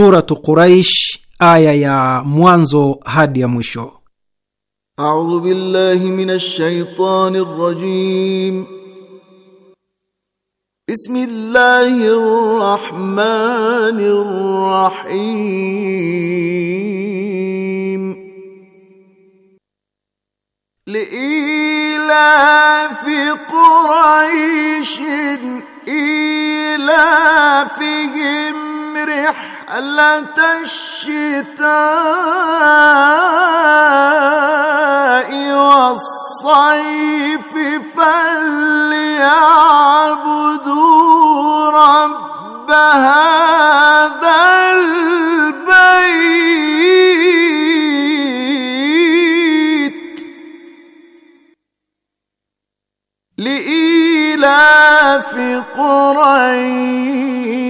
Suratu Quraish aya ya mwanzo hadi ya mwisho. A'udhu billahi minash shaitani rrajim. Bismillahir rahmanir rahim. لإيلاف قريش إيلافهم رحلة رحلة الشتاء والصيف فليعبدوا رب هذا البيت لإيلاف قريش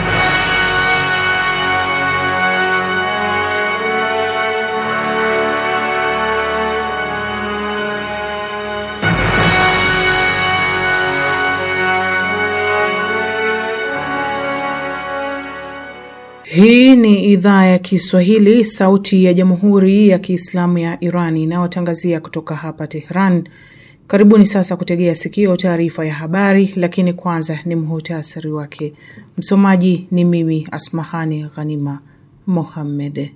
Hii ni idhaa ya Kiswahili, sauti ya jamhuri ya kiislamu ya Iran inayotangazia kutoka hapa Tehran. Karibuni sasa kutegea sikio taarifa ya habari, lakini kwanza ni mhutasari wake. Msomaji ni mimi Asmahani Ghanima Mohammed.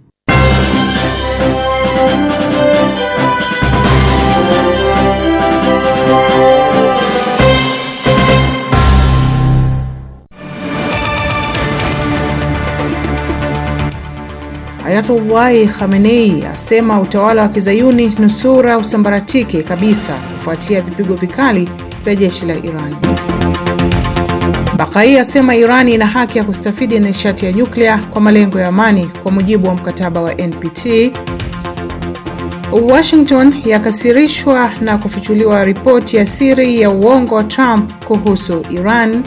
Ayatullahi Khamenei asema utawala wa kizayuni nusura usambaratike kabisa kufuatia vipigo vikali vya jeshi la Iran. Bakai asema Irani ina haki ya kustafidi na nishati ya nyuklia kwa malengo ya amani kwa mujibu wa mkataba wa NPT. Washington yakasirishwa na kufichuliwa ripoti ya siri ya uongo wa Trump kuhusu Iran.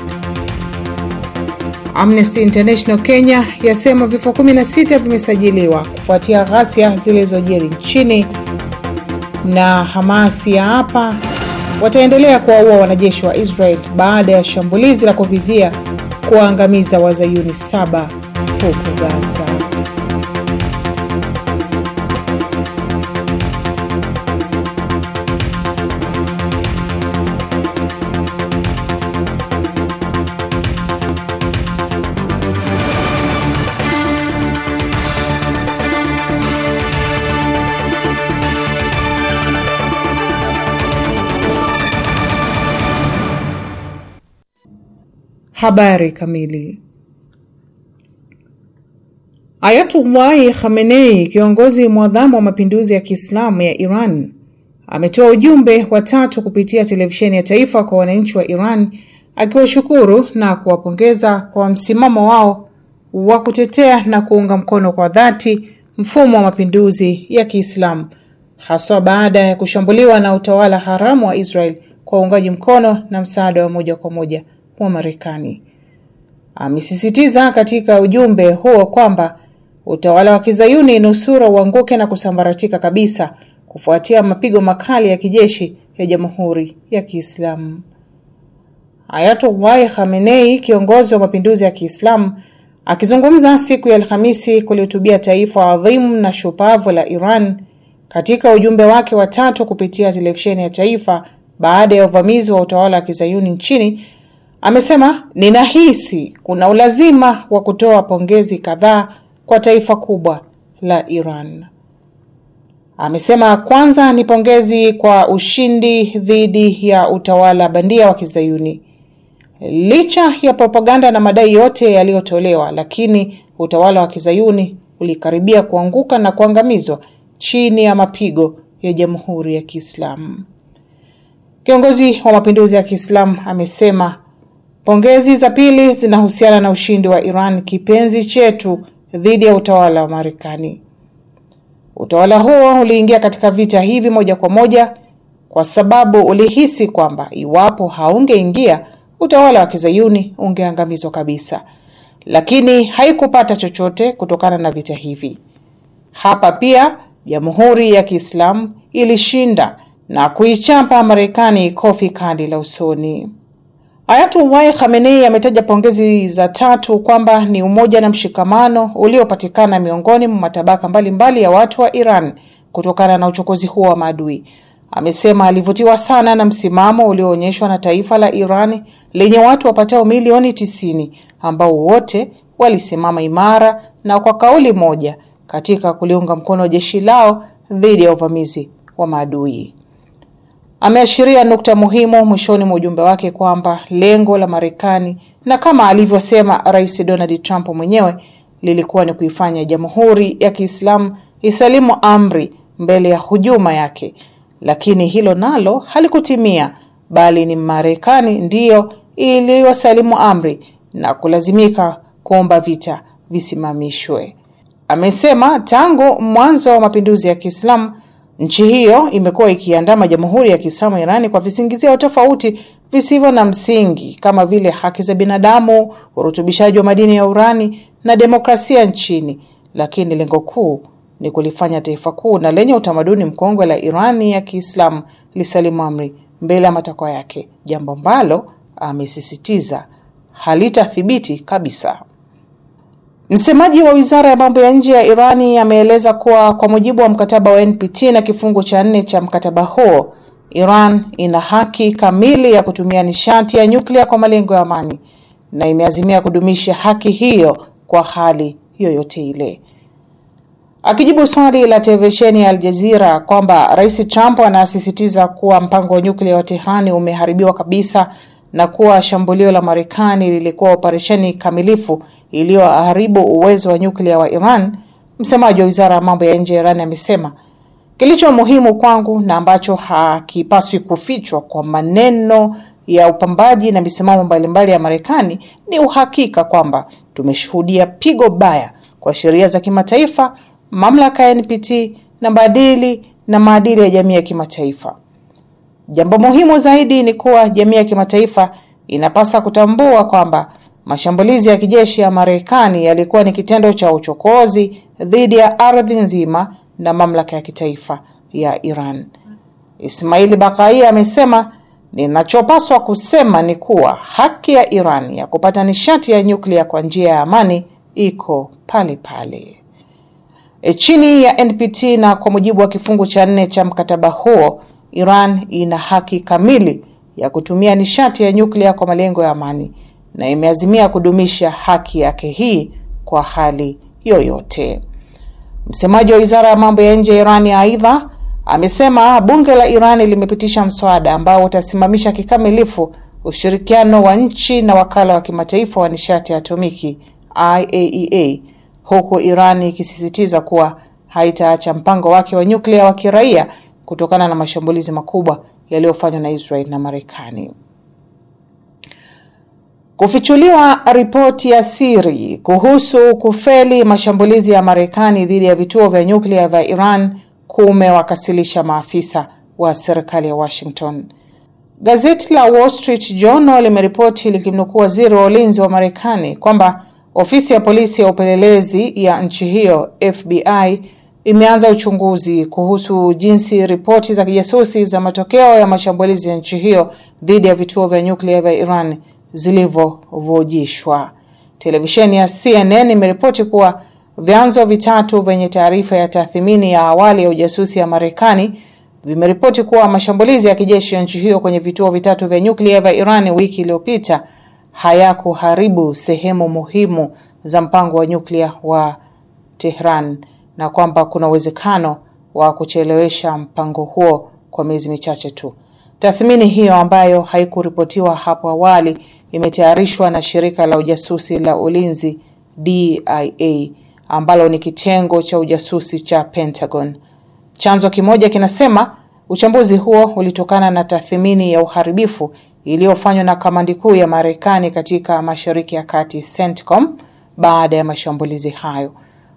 Amnesty International Kenya yasema vifo 16 vimesajiliwa kufuatia ghasia zilizojiri nchini, na Hamas ya hapa wataendelea kuwaua wanajeshi wa Israel baada ya shambulizi la kuvizia kuwaangamiza wazayuni saba huko Gaza. Habari kamili. Ayatullahi Khamenei, kiongozi mwadhamu wa mapinduzi ya Kiislamu ya Iran, ametoa ujumbe wa tatu kupitia televisheni ya taifa kwa wananchi wa Iran akiwashukuru na kuwapongeza kwa msimamo wao wa kutetea na kuunga mkono kwa dhati mfumo wa mapinduzi ya Kiislamu haswa baada ya kushambuliwa na utawala haramu wa Israel kwa uungaji mkono na msaada wa moja kwa moja wa Marekani. Amesisitiza katika ujumbe huo kwamba utawala wa kizayuni nusura uanguke na kusambaratika kabisa kufuatia mapigo makali ya kijeshi ya Jamhuri ya Kiislamu. Ayatollah Khamenei, kiongozi wa mapinduzi ya Kiislamu, akizungumza siku ya Alhamisi kulihutubia taifa adhimu na shupavu la Iran katika ujumbe wake wa tatu kupitia televisheni ya taifa baada ya uvamizi wa utawala wa kizayuni nchini Amesema ninahisi kuna ulazima wa kutoa pongezi kadhaa kwa taifa kubwa la Iran. Amesema kwanza ni pongezi kwa ushindi dhidi ya utawala bandia wa Kizayuni. Licha ya propaganda na madai yote yaliyotolewa, lakini utawala wa Kizayuni ulikaribia kuanguka na kuangamizwa chini ya mapigo ya Jamhuri ya Kiislamu. Kiongozi wa mapinduzi ya Kiislamu amesema Pongezi za pili zinahusiana na ushindi wa Iran kipenzi chetu dhidi ya utawala wa Marekani. Utawala huo uliingia katika vita hivi moja kwa moja kwa sababu ulihisi kwamba iwapo haungeingia utawala wa Kizayuni ungeangamizwa kabisa, lakini haikupata chochote kutokana na vita hivi. Hapa pia Jamhuri ya, ya Kiislamu ilishinda na kuichapa Marekani kofi kandi la usoni. Ayatollah Khamenei ametaja pongezi za tatu kwamba ni umoja na mshikamano uliopatikana miongoni mwa matabaka mbalimbali ya watu wa Iran kutokana na uchokozi huo wa maadui. Amesema alivutiwa sana na msimamo ulioonyeshwa na taifa la Iran lenye watu wapatao milioni tisini ambao wote walisimama imara na kwa kauli moja katika kuliunga mkono jeshi lao dhidi ya uvamizi wa maadui. Ameashiria nukta muhimu mwishoni mwa ujumbe wake kwamba lengo la Marekani na kama alivyosema Rais Donald Trump mwenyewe lilikuwa ni kuifanya Jamhuri ya Kiislamu isalimu amri mbele ya hujuma yake, lakini hilo nalo halikutimia, bali ni Marekani ndiyo iliyosalimu amri na kulazimika kuomba vita visimamishwe. Amesema tangu mwanzo wa mapinduzi ya Kiislamu Nchi hiyo imekuwa ikiandama Jamhuri ya Kiislamu Irani kwa visingizio tofauti visivyo na msingi kama vile haki za binadamu, urutubishaji wa madini ya urani na demokrasia nchini, lakini lengo kuu ni kulifanya taifa kuu na lenye utamaduni mkongwe la Irani ya Kiislamu lisalimu amri mbele ya matakwa yake, jambo ambalo amesisitiza halitathibiti kabisa. Msemaji wa Wizara ya Mambo ya Nje ya Irani ameeleza kuwa kwa mujibu wa mkataba wa NPT na kifungu cha nne cha mkataba huo, Iran ina haki kamili ya kutumia nishati ya nyuklia kwa malengo ya amani na imeazimia kudumisha haki hiyo kwa hali yoyote ile. Akijibu swali la televisheni ya Al Jazeera kwamba Rais Trump anasisitiza kuwa mpango wa nyuklia wa tehrani umeharibiwa kabisa na kuwa shambulio la Marekani lilikuwa operesheni kamilifu iliyoharibu uwezo wa nyuklia wa Iran, msemaji wa wizara ya mambo ya nje ya Iran amesema kilicho muhimu kwangu na ambacho hakipaswi kufichwa kwa maneno ya upambaji na misimamo mbalimbali ya Marekani ni uhakika kwamba tumeshuhudia pigo baya kwa sheria za kimataifa, mamlaka ya NPT na maadili na maadili ya jamii ya kimataifa. Jambo muhimu zaidi ni kuwa jamii ya kimataifa inapasa kutambua kwamba Mashambulizi ya kijeshi ya Marekani yalikuwa ni kitendo cha uchokozi dhidi ya ardhi nzima na mamlaka ya kitaifa ya Iran. Ismaili Bakai amesema, ninachopaswa kusema ni kuwa haki ya Iran ya kupata nishati ya nyuklia kwa njia ya amani iko pale pale e, chini ya NPT na kwa mujibu wa kifungu cha nne cha mkataba huo, Iran ina haki kamili ya kutumia nishati ya nyuklia kwa malengo ya amani na imeazimia kudumisha haki yake hii kwa hali yoyote. Msemaji wa wizara ya mambo ya nje ya Irani aidha amesema bunge la Irani limepitisha mswada ambao utasimamisha kikamilifu ushirikiano wa nchi na wakala wa kimataifa wa nishati ya atomiki IAEA, e huku Irani ikisisitiza kuwa haitaacha mpango wake wa nyuklia wa kiraia kutokana na mashambulizi makubwa yaliyofanywa na Israel na Marekani. Kufichuliwa ripoti ya siri kuhusu kufeli mashambulizi ya Marekani dhidi ya vituo vya nyuklia vya Iran kumewakasilisha maafisa wa serikali ya Washington. Gazeti la Wall Street Journal limeripoti likimnukuu waziri wa ulinzi wa Marekani kwamba ofisi ya polisi ya upelelezi ya nchi hiyo FBI imeanza uchunguzi kuhusu jinsi ripoti za kijasusi za matokeo ya mashambulizi ya nchi hiyo dhidi ya vituo vya nyuklia vya Iran zilivyovujishwa. Televisheni ya CNN imeripoti kuwa vyanzo vitatu vyenye taarifa ya tathmini ya awali ya ujasusi ya Marekani vimeripoti kuwa mashambulizi ya kijeshi ya nchi hiyo kwenye vituo vitatu vya nyuklia vya Iran wiki iliyopita hayakuharibu sehemu muhimu za mpango wa nyuklia wa Tehran na kwamba kuna uwezekano wa kuchelewesha mpango huo kwa miezi michache tu. Tathmini hiyo ambayo haikuripotiwa hapo awali imetayarishwa na shirika la ujasusi la ulinzi DIA ambalo ni kitengo cha ujasusi cha Pentagon. Chanzo kimoja kinasema uchambuzi huo ulitokana na tathmini ya uharibifu iliyofanywa na kamandi kuu ya Marekani katika Mashariki ya Kati CENTCOM baada ya mashambulizi hayo.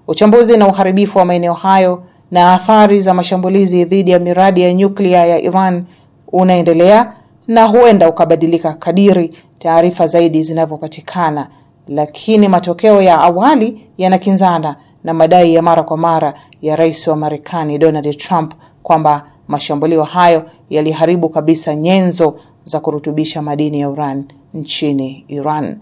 Uchambuzi na uharibifu wa maeneo hayo na athari za mashambulizi dhidi ya miradi ya nyuklia ya Iran unaendelea na huenda ukabadilika kadiri taarifa zaidi zinavyopatikana, lakini matokeo ya awali yanakinzana na madai ya mara kwa mara ya rais wa Marekani Donald Trump kwamba mashambulio hayo yaliharibu kabisa nyenzo za kurutubisha madini ya uran nchini Iran.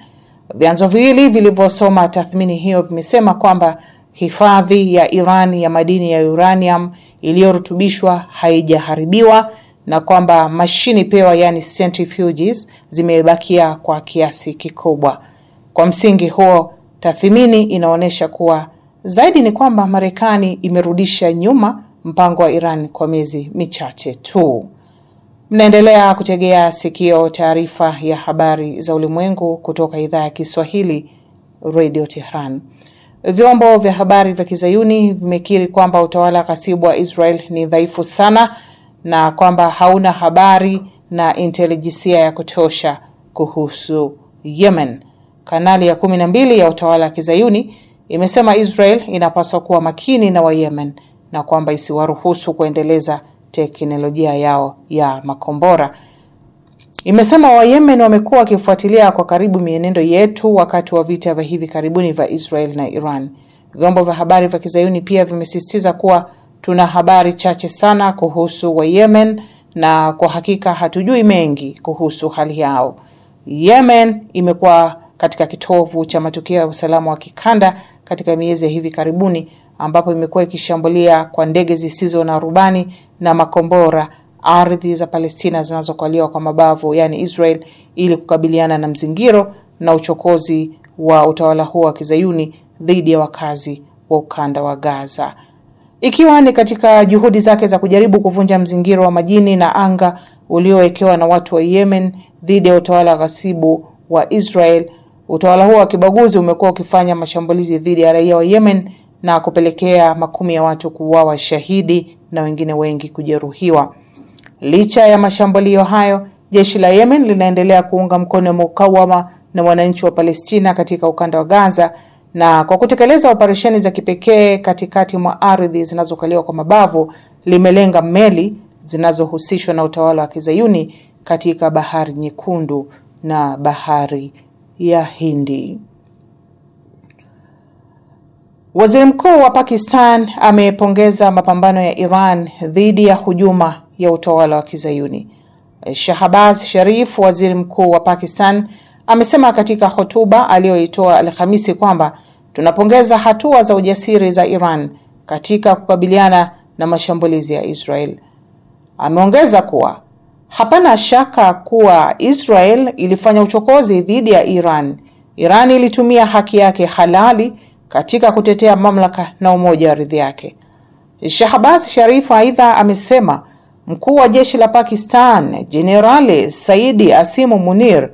Vyanzo viwili vilivyosoma tathmini hiyo vimesema kwamba hifadhi ya Iran ya madini ya uranium iliyorutubishwa haijaharibiwa na kwamba mashini pewa yani centrifuges zimebakia kwa kiasi kikubwa. Kwa msingi huo, tathmini inaonyesha kuwa zaidi ni kwamba Marekani imerudisha nyuma mpango wa Iran kwa miezi michache tu. Mnaendelea kutegea sikio taarifa ya habari za ulimwengu kutoka idhaa ya Kiswahili Radio Tehran. Vyombo vya habari vya Kizayuni vimekiri kwamba utawala kasibu wa Israel ni dhaifu sana na kwamba hauna habari na intelijensia ya kutosha kuhusu Yemen. Kanali ya kumi na mbili ya utawala wa Kizayuni imesema Israel inapaswa kuwa makini na Wayemen na kwamba isiwaruhusu kuendeleza teknolojia yao ya makombora. Imesema Wayemen wamekuwa wakifuatilia kwa karibu mienendo yetu wakati wa vita vya hivi karibuni vya Israel na Iran. Vyombo vya habari vya Kizayuni pia vimesisitiza kuwa tuna habari chache sana kuhusu wa Yemen na kwa hakika hatujui mengi kuhusu hali yao. Yemen imekuwa katika kitovu cha matukio ya usalama wa kikanda katika miezi ya hivi karibuni, ambapo imekuwa ikishambulia kwa ndege zisizo na rubani na makombora ardhi za Palestina zinazokaliwa kwa mabavu, yani Israel, ili kukabiliana na mzingiro na uchokozi wa utawala huo wa Kizayuni dhidi ya wakazi wa ukanda wa Gaza ikiwa ni katika juhudi zake za kujaribu kuvunja mzingiro wa majini na anga uliowekewa na watu wa Yemen dhidi ya utawala wa ghasibu wa Israel. Utawala huo wa kibaguzi umekuwa ukifanya mashambulizi dhidi ya raia wa Yemen na kupelekea makumi ya watu kuuawa shahidi na wengine wengi kujeruhiwa. Licha ya mashambulio hayo, jeshi la Yemen linaendelea kuunga mkono mukawama na wananchi wa Palestina katika ukanda wa Gaza na kwa kutekeleza operesheni za kipekee katikati mwa ardhi zinazokaliwa kwa mabavu, limelenga meli zinazohusishwa na utawala wa Kizayuni katika Bahari Nyekundu na Bahari ya Hindi. Waziri Mkuu wa Pakistan amepongeza mapambano ya Iran dhidi ya hujuma ya utawala wa Kizayuni. Shahbaz Sharif, waziri mkuu wa Pakistan, amesema katika hotuba aliyoitoa Alhamisi kwamba tunapongeza hatua za ujasiri za Iran katika kukabiliana na mashambulizi ya Israel. Ameongeza kuwa hapana shaka kuwa Israel ilifanya uchokozi dhidi ya Iran. Iran ilitumia haki yake halali katika kutetea mamlaka na umoja wa ardhi yake. Shahbaz Sharif aidha amesema mkuu wa jeshi la Pakistan Jenerali Saidi Asimu Munir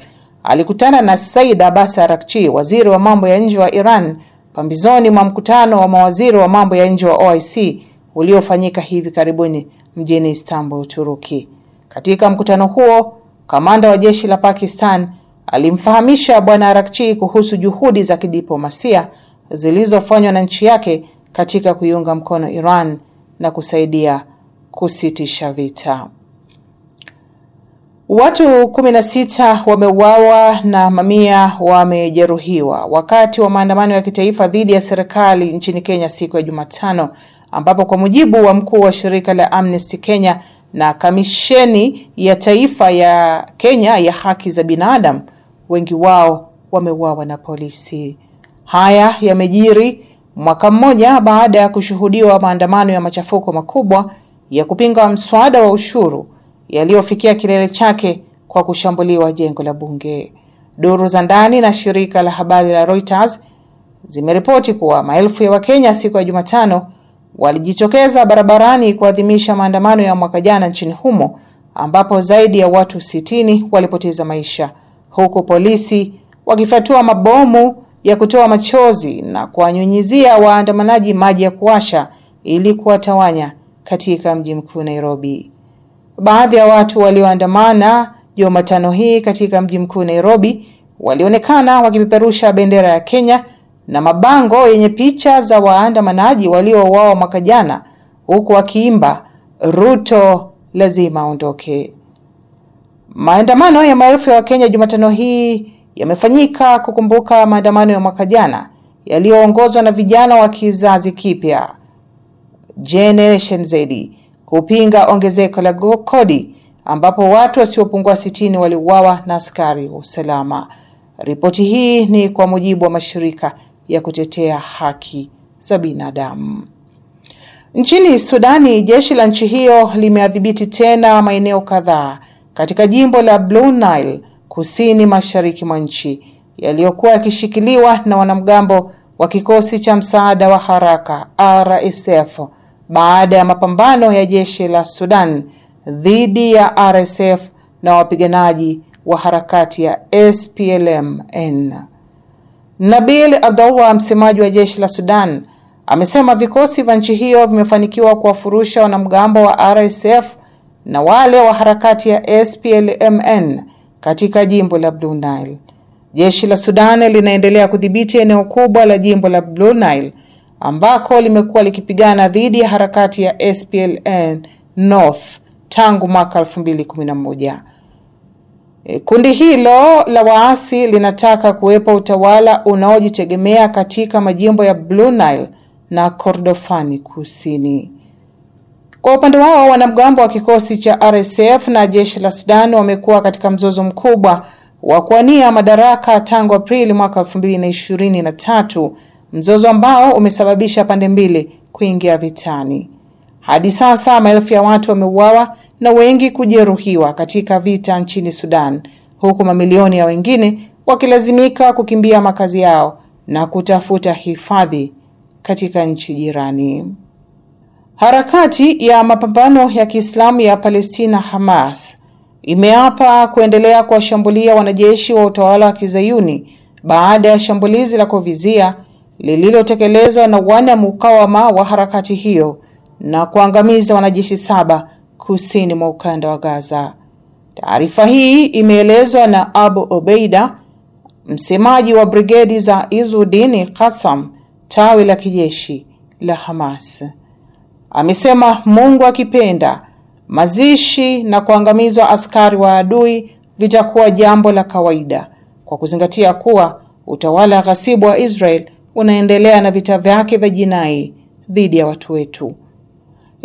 alikutana na Said Abbas arakchi waziri wa mambo ya nje wa Iran, pambizoni mwa mkutano wa mawaziri wa mambo ya nje wa OIC uliofanyika hivi karibuni mjini Istanbul, Uturuki. Katika mkutano huo, kamanda wa jeshi la Pakistan alimfahamisha bwana arakchi kuhusu juhudi za kidiplomasia zilizofanywa na nchi yake katika kuiunga mkono Iran na kusaidia kusitisha vita. Watu kumi na sita wameuawa na mamia wamejeruhiwa wakati wa maandamano ya kitaifa dhidi ya serikali nchini Kenya siku ya Jumatano, ambapo kwa mujibu wa mkuu wa shirika la Amnesty Kenya na kamisheni ya taifa ya Kenya ya haki za binadamu, wengi wao wameuawa na polisi. Haya yamejiri mwaka mmoja baada ya kushuhudiwa maandamano ya machafuko makubwa ya kupinga mswada wa ushuru yaliyofikia kilele chake kwa kushambuliwa jengo la bunge. Duru za ndani na shirika la habari la Reuters zimeripoti kuwa maelfu ya Wakenya siku ya Jumatano walijitokeza barabarani kuadhimisha maandamano ya mwaka jana nchini humo ambapo zaidi ya watu sitini walipoteza maisha huku polisi wakifyatua mabomu ya kutoa machozi na kuwanyunyizia waandamanaji maji ya kuwasha ili kuwatawanya katika mji mkuu Nairobi. Baadhi ya watu walioandamana Jumatano hii katika mji mkuu Nairobi walionekana wakipeperusha bendera ya Kenya na mabango yenye picha za waandamanaji waliouawa mwaka jana huku wakiimba Ruto lazima aondoke. Maandamano ya maelfu ya Wakenya Jumatano hii yamefanyika kukumbuka maandamano ya mwaka jana yaliyoongozwa na vijana wa kizazi kipya Generation Z kupinga ongezeko la kodi ambapo watu wasiopungua sitini waliuawa na askari wa usalama. Ripoti hii ni kwa mujibu wa mashirika ya kutetea haki za binadamu. Nchini Sudani, jeshi la nchi hiyo limeadhibiti tena maeneo kadhaa katika jimbo la Blue Nile kusini mashariki mwa nchi yaliyokuwa yakishikiliwa na wanamgambo wa kikosi cha msaada wa haraka RSF baada ya mapambano ya jeshi la Sudan dhidi ya RSF na wapiganaji wa harakati ya SPLM-N. Nabil Abdullah, msemaji wa jeshi la Sudan, amesema vikosi vya nchi hiyo vimefanikiwa kuwafurusha wanamgambo wa RSF na wale wa harakati ya SPLM-N katika jimbo la Blue Nile. Jeshi la Sudan linaendelea kudhibiti eneo kubwa la jimbo la Blue Nile ambako limekuwa likipigana dhidi ya harakati ya spln North tangu mwaka 2011. E, kundi hilo la waasi linataka kuwepo utawala unaojitegemea katika majimbo ya Blue Nile na Kordofani Kusini. Kwa upande wao, wanamgambo wa kikosi cha RSF na jeshi la Sudan wamekuwa katika mzozo mkubwa wa kuwania madaraka tangu Aprili mwaka 2023 mzozo ambao umesababisha pande mbili kuingia vitani. Hadi sasa maelfu ya watu wameuawa na wengi kujeruhiwa katika vita nchini Sudan, huku mamilioni ya wengine wakilazimika kukimbia makazi yao na kutafuta hifadhi katika nchi jirani. Harakati ya mapambano ya Kiislamu ya Palestina Hamas imeapa kuendelea kuwashambulia wanajeshi wa utawala wa Kizayuni baada ya shambulizi la kuvizia lililotekelezwa na wanamukawama wa harakati hiyo na kuangamiza wanajeshi saba kusini mwa ukanda wa Gaza. Taarifa hii imeelezwa na Abu Obeida, msemaji wa brigedi za Izudini Qassam, tawi la kijeshi la Hamas. Amesema Mungu akipenda, mazishi na kuangamizwa askari wa adui vitakuwa jambo la kawaida kwa kuzingatia kuwa utawala ghasibu wa Israel unaendelea na vita vyake vya jinai dhidi ya watu wetu.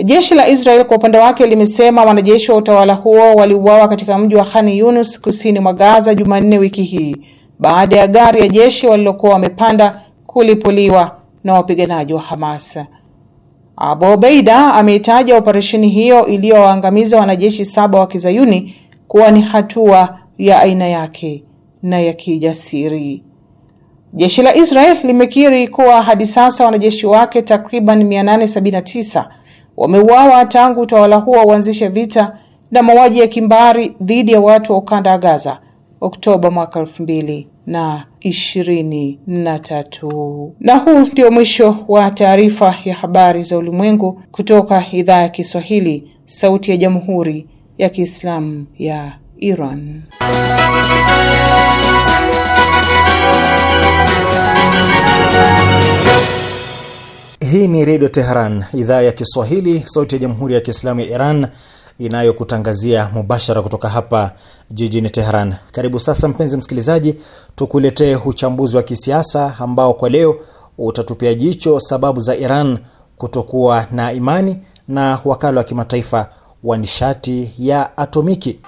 Jeshi la Israel kwa upande wake limesema wanajeshi wa utawala huo waliuawa katika mji wa Khan Yunus kusini mwa Gaza Jumanne wiki hii baada ya gari ya jeshi walilokuwa wamepanda kulipuliwa na wapiganaji wa Hamas. Abu Obeida ameitaja operesheni hiyo iliyowaangamiza wanajeshi saba wa Kizayuni kuwa ni hatua ya aina yake na ya kijasiri. Jeshi la Israel limekiri kuwa hadi sasa wanajeshi wake takriban 879 wameuawa tangu utawala huo uanzishe vita na mauaji ya kimbari dhidi ya watu wa ukanda wa Gaza Oktoba mwaka elfu mbili na ishirini na tatu. Na huu ndio mwisho wa taarifa ya habari za ulimwengu kutoka idhaa ya Kiswahili, Sauti ya Jamhuri ya Kiislamu ya Iran. Hii ni Redio Teheran, idhaa ya Kiswahili, sauti ya Jamhuri ya Kiislamu ya Iran inayokutangazia mubashara kutoka hapa jijini Teheran. Karibu sasa, mpenzi msikilizaji, tukuletee uchambuzi wa kisiasa ambao kwa leo utatupia jicho sababu za Iran kutokuwa na imani na wakala wa kimataifa wa nishati ya atomiki.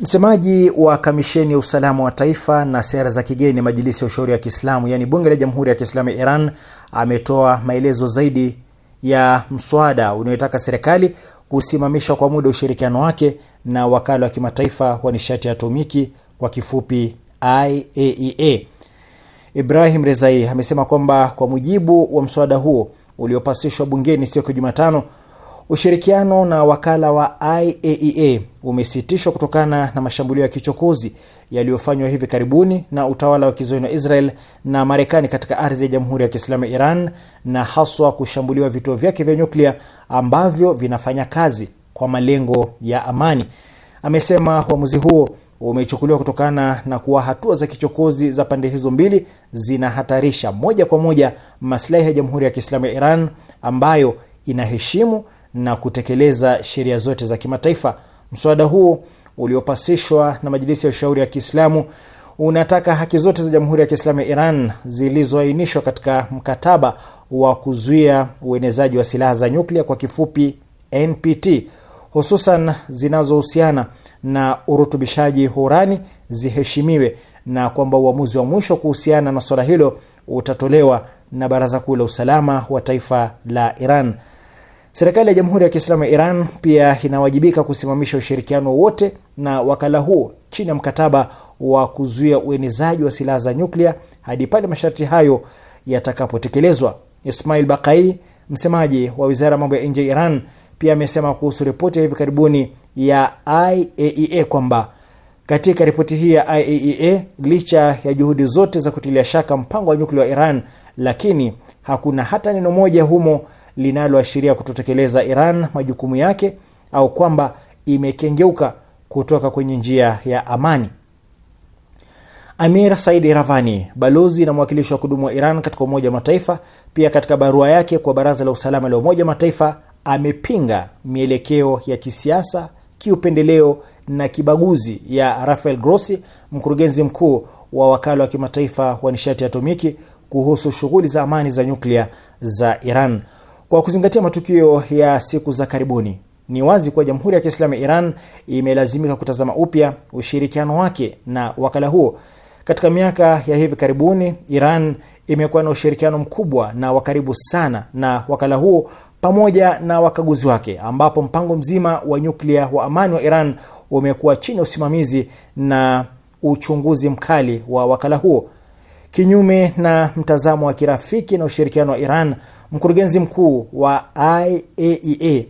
Msemaji wa kamisheni ya usalama wa taifa na sera za kigeni majilisi ya ushauri ya Kiislamu, yaani bunge la jamhuri ya Kiislamu ya Iran, ametoa maelezo zaidi ya mswada unayotaka serikali kusimamisha kwa muda ushirikiano wake na wakala wa kimataifa wa nishati ya atomiki kwa kifupi IAEA. E Ibrahim Rezai amesema kwamba kwa mujibu wa mswada huo uliopasishwa bungeni siku ya Jumatano Ushirikiano na wakala wa IAEA e umesitishwa kutokana na mashambulio ya kichokozi yaliyofanywa hivi karibuni na utawala wa kizoni wa Israel na Marekani katika ardhi ya Jamhuri ya Kiislamu ya Iran na haswa kushambuliwa vituo vyake vya nyuklia ambavyo vinafanya kazi kwa malengo ya amani. Amesema uamuzi huo umechukuliwa kutokana na kuwa hatua za kichokozi za pande hizo mbili zinahatarisha moja kwa moja maslahi ya Jamhuri ya Kiislamu ya Iran ambayo inaheshimu na kutekeleza sheria zote za kimataifa. Mswada huo uliopasishwa na Majilisi ya Ushauri ya Kiislamu unataka haki zote za Jamhuri ya Kiislamu ya Iran zilizoainishwa katika mkataba wa kuzuia uenezaji wa silaha za nyuklia kwa kifupi NPT, hususan zinazohusiana na urutubishaji hurani urani ziheshimiwe na kwamba uamuzi wa mwisho kuhusiana na swala hilo utatolewa na Baraza Kuu la Usalama wa Taifa la Iran. Serikali ya Jamhuri ya Kiislamu ya Iran pia inawajibika kusimamisha ushirikiano wote na wakala huo chini ya mkataba wa kuzuia uenezaji wa silaha za nyuklia hadi pale masharti hayo yatakapotekelezwa. Ismail Bakai, msemaji wa wizara ya mambo ya nje ya Iran, pia amesema kuhusu ripoti ya hivi karibuni ya IAEA e kwamba katika ripoti hii ya IAEA, e licha ya juhudi zote za kutilia shaka mpango wa nyuklia wa Iran, lakini hakuna hata neno moja humo linaloashiria kutotekeleza Iran majukumu yake au kwamba imekengeuka kutoka kwenye njia ya amani. Amir Said Iravani, balozi na mwakilishi wa kudumu wa Iran katika Umoja wa Mataifa, pia katika barua yake kwa Baraza la Usalama la Umoja wa Mataifa amepinga mielekeo ya kisiasa, kiupendeleo na kibaguzi ya Rafael Grossi, mkurugenzi mkuu wa wakala wa kimataifa wa nishati ya atomiki kuhusu shughuli za amani za nyuklia za Iran. Kwa kuzingatia matukio ya siku za karibuni, ni wazi kuwa Jamhuri ya Kiislamu ya Iran imelazimika kutazama upya ushirikiano wake na wakala huo. Katika miaka ya hivi karibuni, Iran imekuwa na ushirikiano mkubwa na wa karibu sana na wakala huo pamoja na wakaguzi wake, ambapo mpango mzima wa nyuklia wa amani wa Iran umekuwa chini ya usimamizi na uchunguzi mkali wa wakala huo. Kinyume na mtazamo wa kirafiki na ushirikiano wa Iran, mkurugenzi mkuu wa IAEA e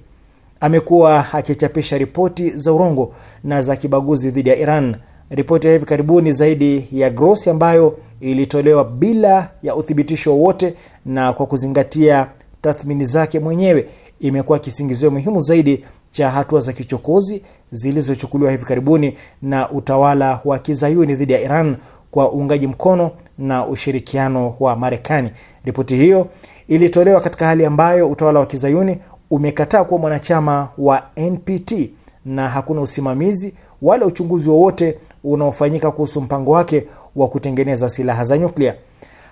amekuwa akichapisha ripoti za urongo na za kibaguzi dhidi ya Iran. Ripoti ya hivi karibuni zaidi ya Grossi ambayo ilitolewa bila ya uthibitisho wowote na kwa kuzingatia tathmini zake mwenyewe, imekuwa kisingizio muhimu zaidi cha hatua za kichokozi zilizochukuliwa hivi karibuni na utawala wa kizayuni dhidi ya Iran kwa uungaji mkono na ushirikiano wa Marekani. Ripoti hiyo ilitolewa katika hali ambayo utawala wa kizayuni umekataa kuwa mwanachama wa NPT na hakuna usimamizi wala uchunguzi wowote unaofanyika kuhusu mpango wake wa kutengeneza silaha za nyuklia.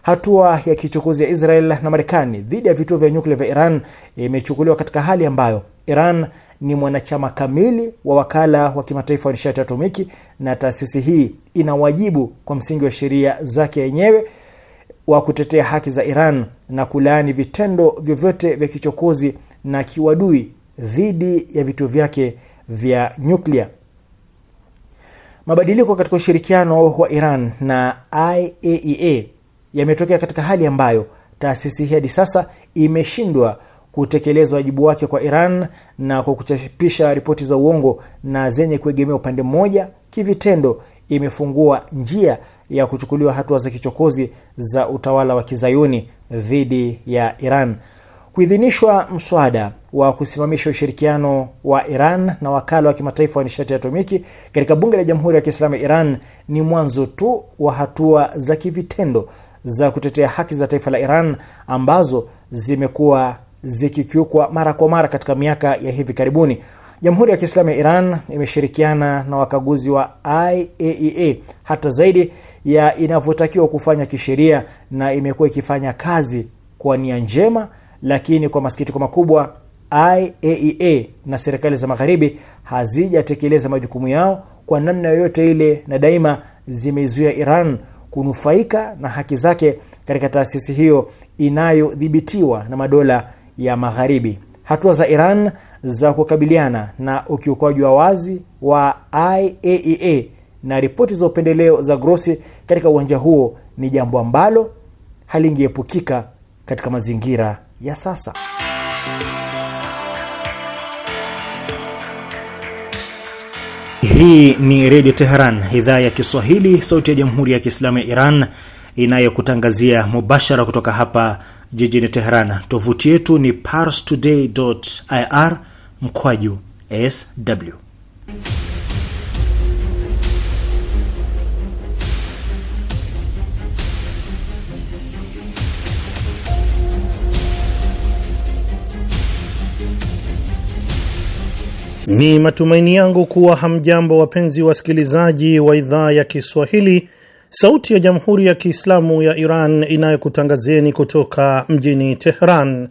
Hatua ya kichokozi ya Israel na Marekani dhidi ya vituo vya nyuklia vya Iran imechukuliwa katika hali ambayo Iran ni mwanachama kamili wa wakala wa kimataifa wa nishati atomiki, na taasisi hii ina wajibu kwa msingi wa sheria zake yenyewe wa kutetea haki za Iran na kulaani vitendo vyovyote vya kichokozi na kiwadui dhidi ya vituo vyake vya nyuklia. Mabadiliko katika ushirikiano wa Iran na IAEA e yametokea katika hali ambayo taasisi hii hadi sasa imeshindwa kutekeleza wajibu wake kwa Iran na kwa kuchapisha ripoti za uongo na zenye kuegemea upande mmoja, kivitendo imefungua njia ya kuchukuliwa hatua za kichokozi za utawala wa kizayuni dhidi ya Iran. Kuidhinishwa mswada wa kusimamisha ushirikiano wa Iran na wakala wa kimataifa wa nishati ya atomiki katika bunge la Jamhuri ya Kiislamu ya Iran ni mwanzo tu wa hatua za kivitendo za kutetea haki za taifa la Iran ambazo zimekuwa zikikiukwa mara kwa mara katika miaka ya hivi karibuni. Jamhuri ya Kiislamu ya Iran imeshirikiana na wakaguzi wa IAEA e hata zaidi ya inavyotakiwa kufanya kisheria, na imekuwa ikifanya kazi kwa nia njema, lakini kwa masikitiko makubwa IAEA e na serikali za magharibi hazijatekeleza majukumu yao kwa namna yoyote ile, na daima zimeizuia Iran kunufaika na haki zake katika taasisi hiyo inayodhibitiwa na madola ya Magharibi. Hatua za Iran za kukabiliana na ukiukwaji wa wazi wa IAEA e na ripoti za upendeleo za Grossi katika uwanja huo ni jambo ambalo halingeepukika katika mazingira ya sasa. Hii ni Redio Teheran, idhaa ya Kiswahili, sauti ya Jamhuri ya Kiislamu ya Iran inayokutangazia mubashara kutoka hapa jijini Teheran. Tovuti yetu ni parstoday.ir mkwaju sw. Ni matumaini yangu kuwa hamjambo, wapenzi wasikilizaji wa idhaa ya Kiswahili Sauti ya Jamhuri ya Kiislamu ya Iran inayokutangazieni kutoka mjini Tehran,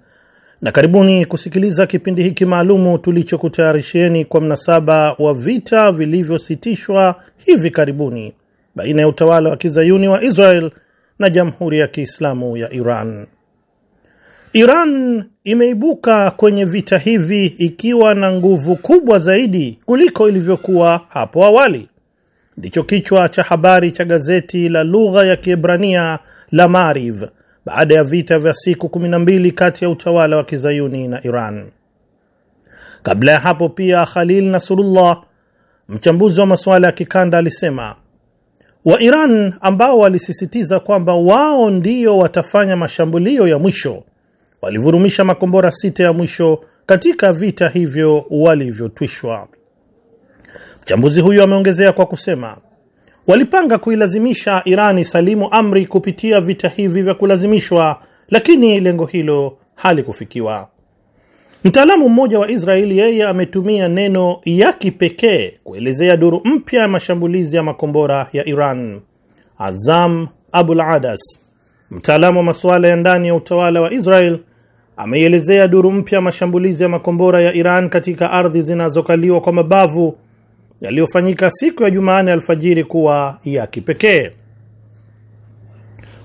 na karibuni kusikiliza kipindi hiki maalumu tulichokutayarishieni kwa mnasaba wa vita vilivyositishwa hivi karibuni baina ya utawala wa kizayuni wa Israel na Jamhuri ya Kiislamu ya Iran. Iran imeibuka kwenye vita hivi ikiwa na nguvu kubwa zaidi kuliko ilivyokuwa hapo awali ndicho kichwa cha habari cha gazeti la lugha ya Kiebrania la Maariv baada ya vita vya siku 12 kati ya utawala wa kizayuni na Iran. Kabla ya hapo pia, Khalil Nasrullah, mchambuzi wa masuala ya kikanda, alisema wa Iran ambao walisisitiza kwamba wao ndio watafanya mashambulio ya mwisho walivurumisha makombora sita ya mwisho katika vita hivyo walivyotwishwa. Mchambuzi huyo ameongezea kwa kusema walipanga kuilazimisha Irani salimu amri kupitia vita hivi vya kulazimishwa, lakini lengo hilo halikufikiwa. Mtaalamu mmoja wa Israeli yeye ametumia neno ya kipekee kuelezea duru mpya ya mashambulizi ya makombora ya Iran. Azam Abul Adas, mtaalamu wa masuala ya ndani ya utawala wa Israel, ameielezea duru mpya ya mashambulizi ya makombora ya Iran katika ardhi zinazokaliwa kwa mabavu yaliyofanyika siku ya Jumanne alfajiri kuwa ya kipekee.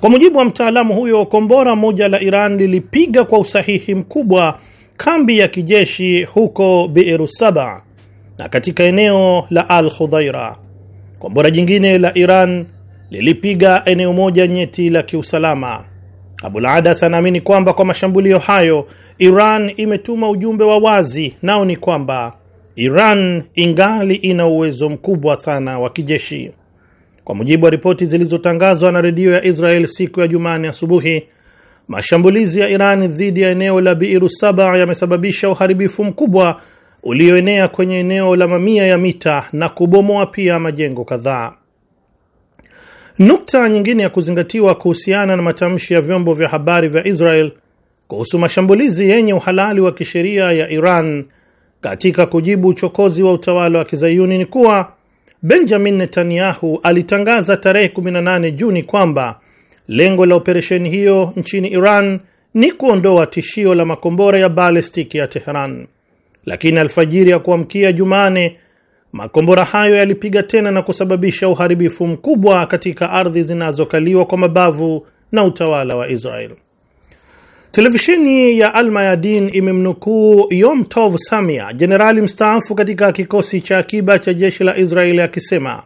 Kwa mujibu wa mtaalamu huyo, kombora moja la Iran lilipiga kwa usahihi mkubwa kambi ya kijeshi huko Biru Saba na katika eneo la Al Khudhaira. Kombora jingine la Iran lilipiga eneo moja nyeti la kiusalama. Abul Adas anaamini kwamba kwa mashambulio hayo Iran imetuma ujumbe wa wazi, nao ni kwamba Iran ingali ina uwezo mkubwa sana wa kijeshi. Kwa mujibu wa ripoti zilizotangazwa na redio ya Israel siku ya Jumani asubuhi, mashambulizi ya Iran dhidi ya eneo la Biru Saba yamesababisha uharibifu mkubwa ulioenea kwenye eneo la mamia ya mita na kubomoa pia majengo kadhaa. Nukta nyingine ya kuzingatiwa kuhusiana na matamshi ya vyombo vya habari vya Israel kuhusu mashambulizi yenye uhalali wa kisheria ya Iran katika kujibu uchokozi wa utawala wa kizayuni ni kuwa Benjamin Netanyahu alitangaza tarehe 18 Juni kwamba lengo la operesheni hiyo nchini Iran ni kuondoa tishio la makombora ya balestiki ya Teheran, lakini alfajiri ya kuamkia Jumane makombora hayo yalipiga tena na kusababisha uharibifu mkubwa katika ardhi zinazokaliwa kwa mabavu na utawala wa Israel. Televisheni ya Almayadin imemnukuu Yom Tov Samia, jenerali mstaafu katika kikosi cha akiba cha jeshi la Israeli, akisema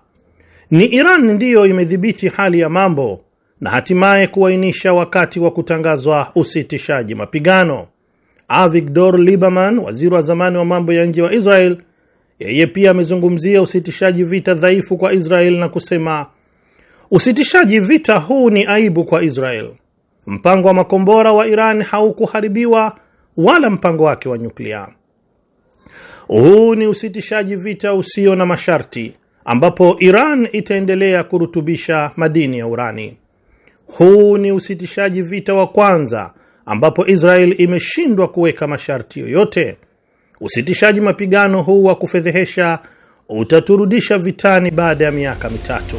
ni Iran ndiyo imedhibiti hali ya mambo na hatimaye kuainisha wakati wa kutangazwa usitishaji mapigano. Avigdor liberman waziri wa zamani wa mambo ya nje wa Israel, yeye pia amezungumzia usitishaji vita dhaifu kwa Israel na kusema usitishaji vita huu ni aibu kwa Israel. Mpango wa makombora wa Iran haukuharibiwa wala mpango wake wa nyuklia. Huu ni usitishaji vita usio na masharti ambapo Iran itaendelea kurutubisha madini ya urani. Huu ni usitishaji vita wa kwanza ambapo Israel imeshindwa kuweka masharti yoyote. Usitishaji mapigano huu wa kufedhehesha utaturudisha vitani baada ya miaka mitatu.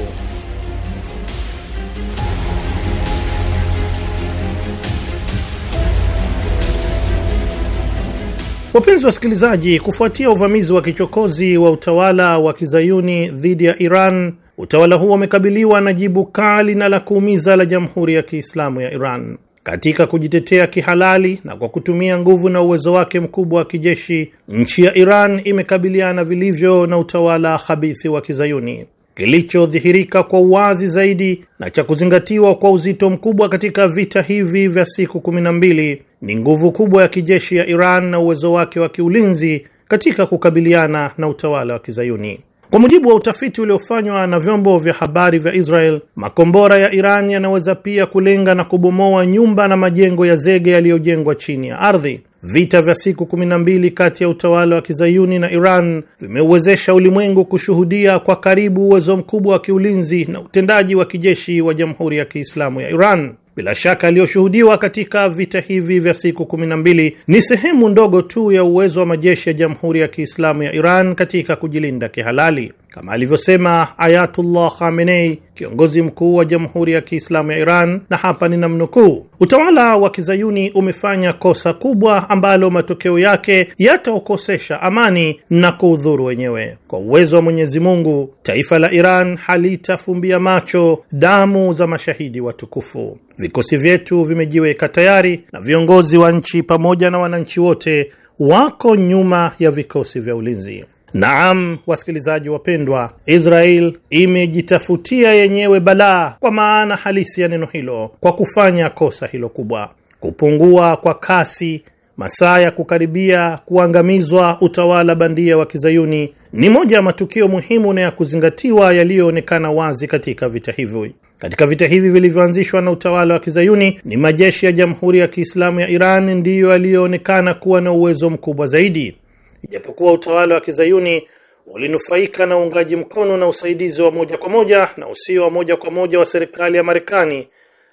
Wapenzi wasikilizaji, kufuatia uvamizi wa kichokozi wa utawala wa kizayuni dhidi ya Iran, utawala huo umekabiliwa na jibu kali na la kuumiza la Jamhuri ya Kiislamu ya Iran. Katika kujitetea kihalali na kwa kutumia nguvu na uwezo wake mkubwa wa kijeshi, nchi ya Iran imekabiliana vilivyo na utawala habithi wa kizayuni. Kilichodhihirika kwa uwazi zaidi na cha kuzingatiwa kwa uzito mkubwa katika vita hivi vya siku 12 ni nguvu kubwa ya kijeshi ya Iran na uwezo wake wa kiulinzi katika kukabiliana na utawala wa Kizayuni. Kwa mujibu wa utafiti uliofanywa na vyombo vya habari vya Israel, makombora ya Iran yanaweza pia kulenga na kubomoa nyumba na majengo ya zege yaliyojengwa chini ya ardhi. Vita vya siku 12 kati ya utawala wa kizayuni na Iran vimeuwezesha ulimwengu kushuhudia kwa karibu uwezo mkubwa wa kiulinzi na utendaji wa kijeshi wa Jamhuri ya Kiislamu ya Iran. Bila shaka aliyoshuhudiwa katika vita hivi vya siku mbili ni sehemu ndogo tu ya uwezo wa majeshi ya Jamhuri ya Kiislamu ya Iran katika kujilinda kihalali, kama alivyosema Ayatullah Khamenei, kiongozi mkuu wa Jamhuri ya Kiislamu ya Iran, na hapa ninamnukuu: utawala wa kizayuni umefanya kosa kubwa ambalo matokeo yake yataokosesha amani na kuudhuru wenyewe. Kwa uwezo wa Mwenyezi Mungu, taifa la Iran halitafumbia macho damu za mashahidi watukufu. Vikosi vyetu vimejiweka tayari na viongozi wa nchi pamoja na wananchi wote wako nyuma ya vikosi vya ulinzi. Naam, wasikilizaji wapendwa, Israel imejitafutia yenyewe balaa kwa maana halisi ya neno hilo kwa kufanya kosa hilo kubwa, kupungua kwa kasi masaa ya kukaribia kuangamizwa utawala bandia wa kizayuni ni moja ya matukio muhimu na ya kuzingatiwa yaliyoonekana wazi katika vita hivi. Katika vita hivi vilivyoanzishwa na utawala wa kizayuni ni majeshi ya Jamhuri ya Kiislamu ya Iran ndiyo yaliyoonekana kuwa na uwezo mkubwa zaidi, ijapokuwa utawala wa kizayuni ulinufaika na uungaji mkono na usaidizi wa moja kwa moja na usio wa moja kwa moja wa serikali ya Marekani,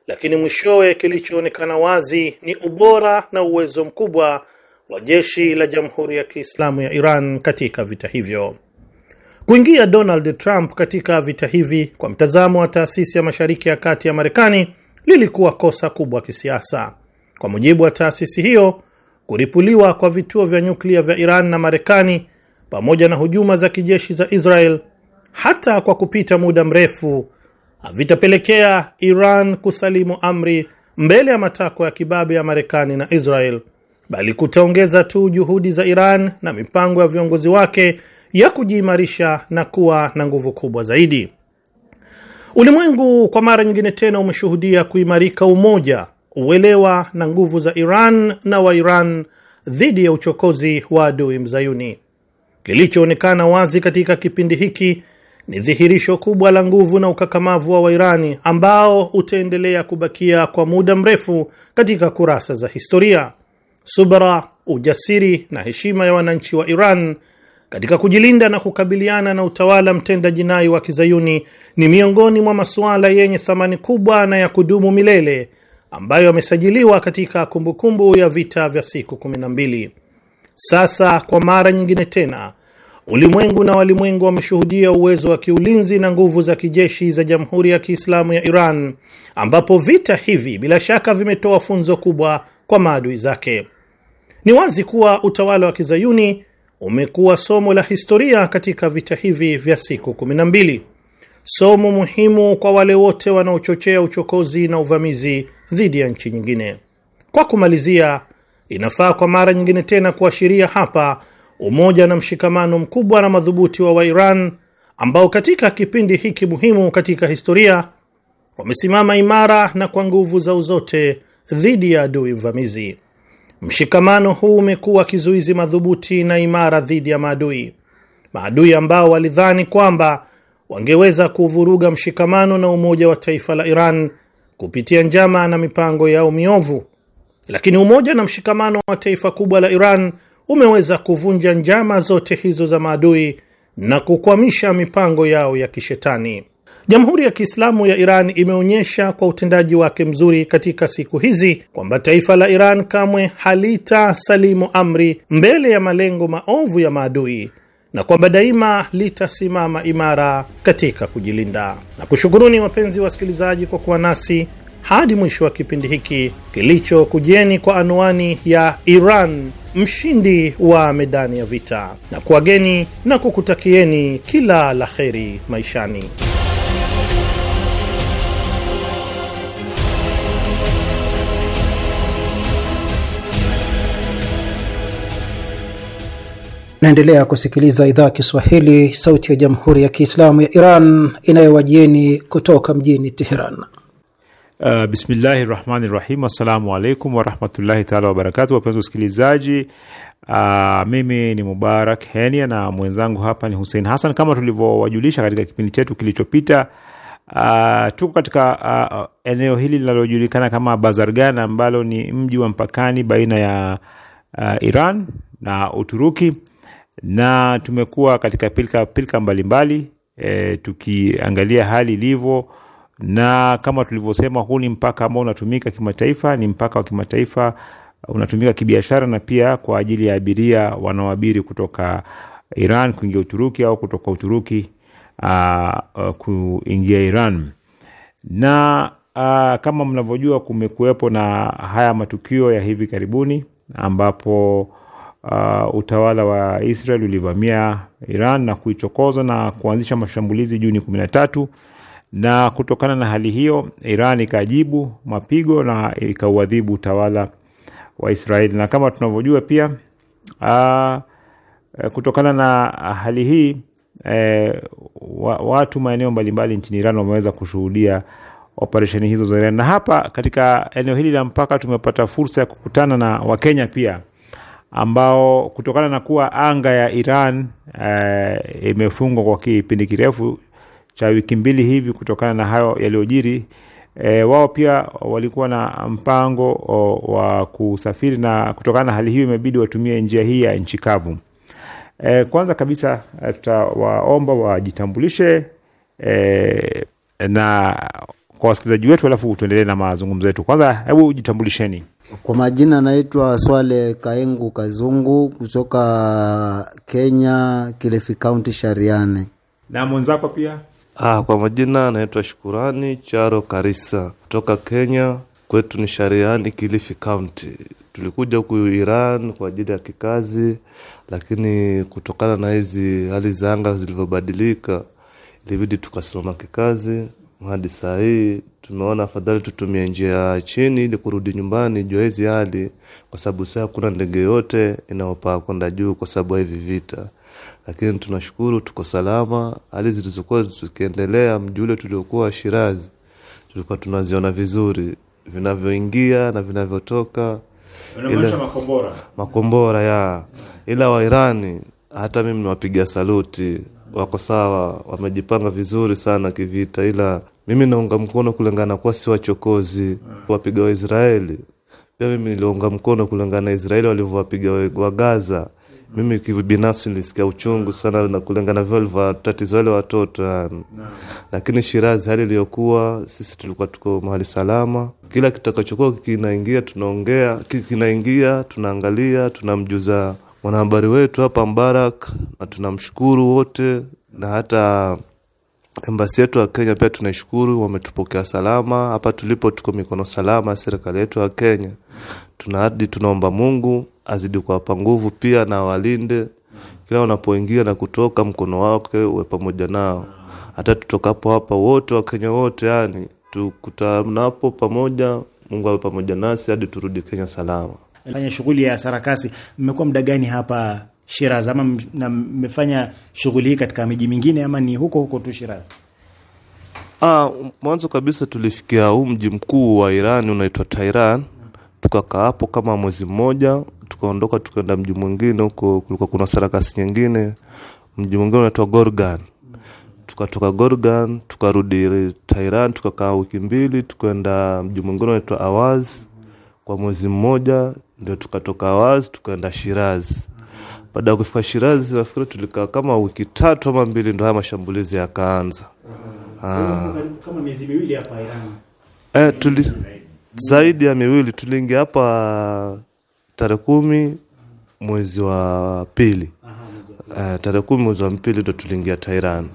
lakini mwishowe kilichoonekana wazi ni ubora na uwezo mkubwa wa jeshi la Jamhuri ya Kiislamu ya Iran katika vita hivyo. Kuingia Donald Trump katika vita hivi, kwa mtazamo wa taasisi ya Mashariki ya Kati ya Marekani, lilikuwa kosa kubwa kisiasa. Kwa mujibu wa taasisi hiyo, kuripuliwa kwa vituo vya nyuklia vya Iran na Marekani pamoja na hujuma za kijeshi za Israel, hata kwa kupita muda mrefu, havitapelekea Iran kusalimu amri mbele ya matakwa ya kibabe ya Marekani na Israel, bali kutaongeza tu juhudi za Iran na mipango ya viongozi wake ya kujiimarisha na kuwa na nguvu kubwa zaidi. Ulimwengu kwa mara nyingine tena umeshuhudia kuimarika umoja, uelewa na nguvu za Iran na Wairan dhidi ya uchokozi wa adui mzayuni. Kilichoonekana wazi katika kipindi hiki ni dhihirisho kubwa la nguvu na ukakamavu wa Wairani ambao utaendelea kubakia kwa muda mrefu katika kurasa za historia. Subra, ujasiri na heshima ya wananchi wa Iran katika kujilinda na kukabiliana na utawala mtenda jinai wa kizayuni ni miongoni mwa masuala yenye thamani kubwa na ya kudumu milele ambayo yamesajiliwa katika kumbukumbu kumbu ya vita vya siku 12. Sasa kwa mara nyingine tena ulimwengu na walimwengu wameshuhudia uwezo wa kiulinzi na nguvu za kijeshi za Jamhuri ya Kiislamu ya Iran, ambapo vita hivi bila shaka vimetoa funzo kubwa kwa maadui zake. Ni wazi kuwa utawala wa kizayuni umekuwa somo la historia katika vita hivi vya siku 12, somo muhimu kwa wale wote wanaochochea uchokozi na uvamizi dhidi ya nchi nyingine. Kwa kumalizia, inafaa kwa mara nyingine tena kuashiria hapa umoja na mshikamano mkubwa na madhubuti wa Wairan ambao katika kipindi hiki muhimu katika historia wamesimama imara na kwa nguvu zao zote dhidi ya adui mvamizi. Mshikamano huu umekuwa kizuizi madhubuti na imara dhidi ya maadui, maadui ambao walidhani kwamba wangeweza kuvuruga mshikamano na umoja wa taifa la Iran kupitia njama na mipango yao miovu. Lakini umoja na mshikamano wa taifa kubwa la Iran umeweza kuvunja njama zote hizo za maadui na kukwamisha mipango yao ya kishetani. Jamhuri ya Kiislamu ya Iran imeonyesha kwa utendaji wake mzuri katika siku hizi kwamba taifa la Iran kamwe halita salimu amri mbele ya malengo maovu ya maadui na kwamba daima litasimama imara katika kujilinda. Na kushukuruni wapenzi wasikilizaji kwa kuwa nasi hadi mwisho wa kipindi hiki kilichokujieni kwa anwani ya Iran mshindi wa medani ya vita, na kuwageni na kukutakieni kila la kheri maishani. Naendelea kusikiliza idhaa Kiswahili sauti ya jamhuri ya Kiislamu ya Iran inayowajieni kutoka mjini Teheran. Uh, bismillahi rahmani rahim. Assalamu alaikum warahmatullahi taala wabarakatu. Wapenzi wasikilizaji, uh, mimi ni Mubarak Henia na mwenzangu hapa ni husein Hassan. Kama tulivyowajulisha katika kipindi chetu kilichopita, uh, tuko katika uh, eneo hili linalojulikana kama Bazargan ambalo ni mji wa mpakani baina ya uh, Iran na Uturuki na tumekuwa katika pilika pilika mbalimbali e, tukiangalia hali ilivyo, na kama tulivyosema, huu ni mpaka ambao unatumika kimataifa, ni mpaka wa kimataifa, unatumika kibiashara na pia kwa ajili ya abiria wanaoabiri kutoka Iran kuingia Uturuki au kutoka Uturuki a, kuingia Iran na uh, kama mnavyojua kumekuwepo na haya matukio ya hivi karibuni ambapo uh, utawala wa Israel ulivamia Iran na kuichokoza na kuanzisha mashambulizi Juni kumi na tatu na kutokana na hali hiyo Iran ikajibu mapigo na ikauadhibu utawala wa israel Na kama tunavyojua pia aa, uh, kutokana na hali hii e, watu maeneo mbalimbali nchini Iran wameweza kushuhudia operesheni hizo za Iran. Na hapa katika eneo hili la mpaka tumepata fursa ya kukutana na Wakenya pia ambao kutokana na kuwa anga ya Iran uh, imefungwa kwa kipindi kirefu cha wiki mbili hivi, kutokana na hayo yaliyojiri E, wao pia walikuwa na mpango o, wa kusafiri na kutokana na hali hiyo imebidi watumie njia hii ya nchi kavu. E, kwanza kabisa tutawaomba wajitambulishe e, na kwa wasikilizaji wetu, alafu tuendelee na mazungumzo yetu. Kwanza hebu jitambulisheni kwa majina. Naitwa Swale Kaengu Kazungu kutoka Kenya, Kilifi County, Shariani. Na mwenzako pia? Ah, kwa majina naitwa Shukurani Charo Karisa kutoka Kenya, kwetu ni Shariani, Kilifi County. Tulikuja huku Iran kwa ajili ya kikazi, lakini kutokana na hizi hali za anga zilivyobadilika ilibidi tukasimama kikazi hadi saa hii tumeona afadhali tutumie njia ya chini ili kurudi nyumbani jua hizi hali, kwa sababu saa kuna ndege yote inayopaa kwenda juu kwa sababu hivi vita. Lakini tunashukuru tuko salama. Hali zilizokuwa zikiendelea mji ule tuliokuwa Shirazi, tulikuwa tunaziona vizuri vinavyoingia na vinavyotoka ile, makombora makombora ya ila Wairani hata mimi niwapiga saluti wako sawa, wamejipanga vizuri sana kivita, ila mimi naunga mkono kulingana kuwa si wachokozi wapiga Waisraeli. Pia mimi niliunga mkono kulingana Israeli walivyowapiga wa Gaza. Mimi kibinafsi nilisikia uchungu sana na kulingana vile walivyotatiza wale watoto yani. Lakini Shirazi, hali iliyokuwa, sisi tulikuwa tuko mahali salama, kila kitakachokuwa kinaingia tunaongea, kinaingia tunaangalia, tunamjuza mwanahabari wetu hapa Mbarak, na tunamshukuru wote, na hata embasi yetu ya Kenya pia tunaishukuru, wametupokea salama hapa tulipo, tuko mikono salama ya serikali yetu ya Kenya. Tunahadi, tunaomba Mungu azidi kuwapa nguvu pia na walinde kila wanapoingia na kutoka, mkono wake uwe pamoja nao, hata tutokapo hapa wote, Wakenya wote yani tukutanapo pamoja, Mungu awe pamoja nasi hadi turudi Kenya salama fanya shughuli ya sarakasi. Mmekuwa muda gani hapa Shiraz ama na mmefanya shughuli hii katika miji mingine ama ni huko huko tu Shiraz? Ah, mwanzo kabisa tulifikia huu mji mkuu wa Iran unaitwa Tehran, tukakaa hapo kama mwezi mmoja, tukaondoka tukaenda mji mwingine huko, kulikuwa kuna sarakasi nyingine, mji mwingine unaitwa Gorgan. Tukatoka Gorgan tukarudi Tehran, tukakaa wiki mbili, tukaenda mji mwingine unaitwa Awaz kwa mwezi mmoja ndio tukatoka wazi tukaenda Shirazi. Baada ya kufika Shirazi, nafikiri tulikaa kama wiki tatu ama mbili, ndo haya mashambulizi yakaanza. Ah. Kama miezi miwili hapa Iran. Eh, tuli zaidi ya miwili tuliingia hapa tarehe kumi mwezi wa pili. Eh, tarehe kumi mwezi wa pili ndo tuliingia Tairani